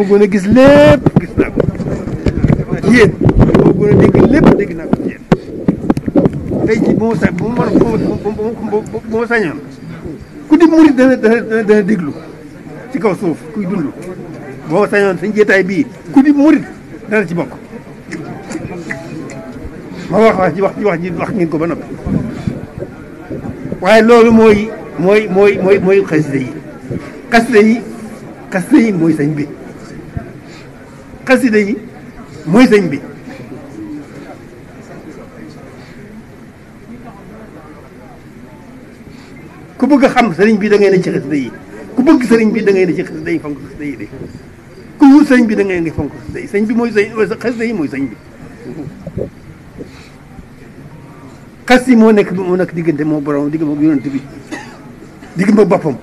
bëggoon a gis lépp gis naa ko ci yéen bëggoon a dégg lépp dégg naa ko ci yéen tey jii bu ma sa bu ma bu ma sañoon ku di murit dana dana dana déglu ci kaw suuf kuy dund boo sañoon suñ jeetaay bii ku di murit dana ci bokk ma wax wax ci wax ci wax ji wax ngeen ko ba noppi waaye loolu mooy mooy mooy mooy mooy xasida yi xasida yi xasida yi mooy sañ bi xasida yi mooy sëñ bi ku bëgg xam sëriñ bi da ngay ne ci xasida yi ku bëgg sëriñ bi da ngay ne ci xasida yi fonk xasida yi de ku wut sëriñ bi da ngay ne fonk xasida yi sëñ bi mooy sëñ xasida yi mooy sëñ bi xas yi moo nekk moo nekk diggante moo borom digg ma yonent bi digg ma boppam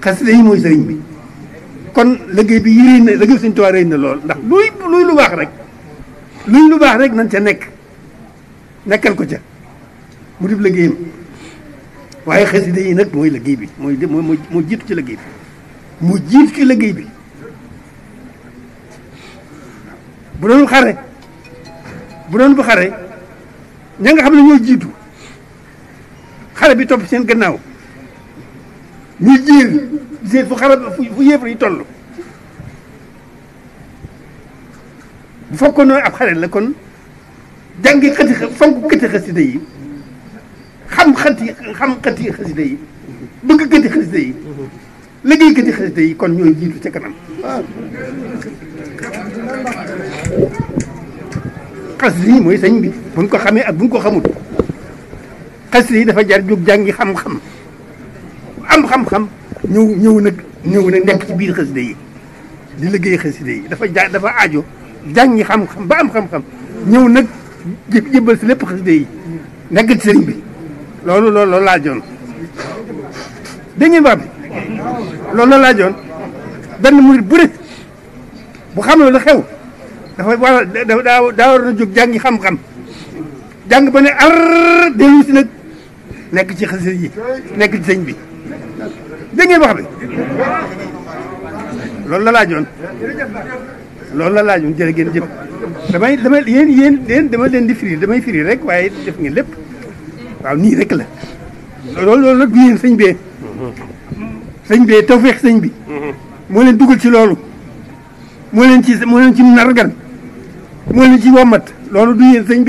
xasida yi mooy sëriñ bi kon liggéey bi yëy na liggéey Sëñ Tuubaa rëy na lool ndax luy luy lu baax rek luy baax rek nañ ca nekk nekkal ko ca mu dib liggéeyam waaye xasida yi nag mooy liggéey bi mooy mooy moo jiitu ci liggéey bi mu jiit ki liggéey bi bu doon xare bu doon bu xare ña nga xam ne ñoo jiitu xare bi topp seen gannaaw ñuy jéem jéem fu xarab fu yéefar yi toll bu fekkoon ab xale la kon jàngi xati fonk këti xasida yi xam xati xam xati xasida yi bëgg këti xasida yi liggéey këti xasida yi kon ñooy jiitu ca kanam xasida yi mooy sëñ bi buñ ko xamee ak buñ ko xamul xasida yi dafa jar jóg jàngi xam-xam xam-xam ñëw ñëw nag ñëw nag nekk ci biir xasida yi di liggéey xasida yi dafa ja dafa aajo jàngi xam-xam ba xam-xam ñëw nag jëbbal si lépp xasida yi nekk ci sëriñ bi loolu loolu loolu laa joon dégg ngeen wax bi loolu loolu laa joon benn murit bu bu xam loolu xew dafa war na jóg jàngi xam-xam jàng ba ne ar dellu si nag nekk ci xasida yi nekk ci sëñ bi dégg ngeen wax loolu la laajoon loolu la laajoon jërë ngeen jëf damay damay yéen yéen yéen dama leen di firi damay firi rek waaye def ngeen lépp waaw nii rek la loolu loolu nag du yéen sëñ bee sëñ ci loolu moo leen ci moo leen ci moo leen ci wommat loolu du yéen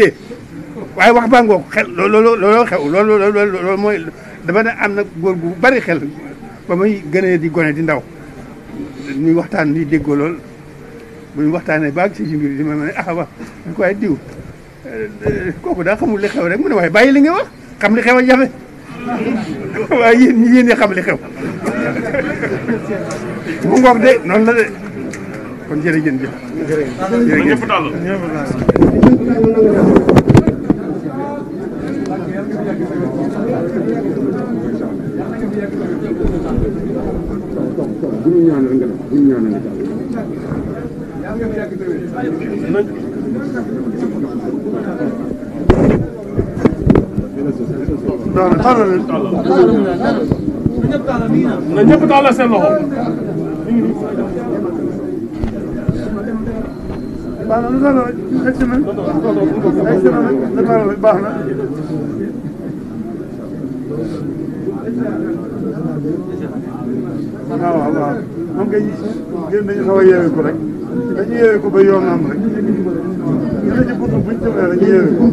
waaye wax baa ngoog xel loolu loolu loolu loolu mooy dama ne am na góor gu bari xel ba may gënee di gone di ndaw ñuy waxtaan di déggoo lool muy waxtaanee baag si si mbir di ma ne ah wax ñu ko waaye diw eh, kooku daa xamul li xew rek mu ne waaye bàyyi li nga wax xam li xew a jafe waaye yéen ñi yéen xam li xew mu ngoog de noonu la de kon jërëjëf jërëjëf jërëjëf bu ñu ñaanal nga def bu ñu ñaanal nga def na ñëpp tàllal seen loxo baax na lu baax na waaw waaw waaw moom kay gën dañu xaw a yeewee ko rek dañu yeewee ko ba yoon am rek ñu ne ci buntu buñ jëmee rek ñu yeewee ko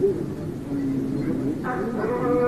Thank you.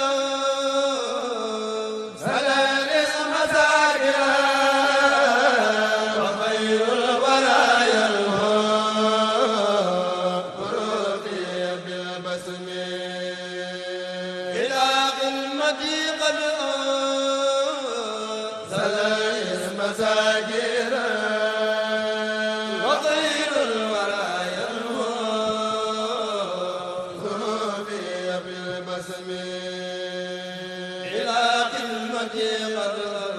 ila xidmati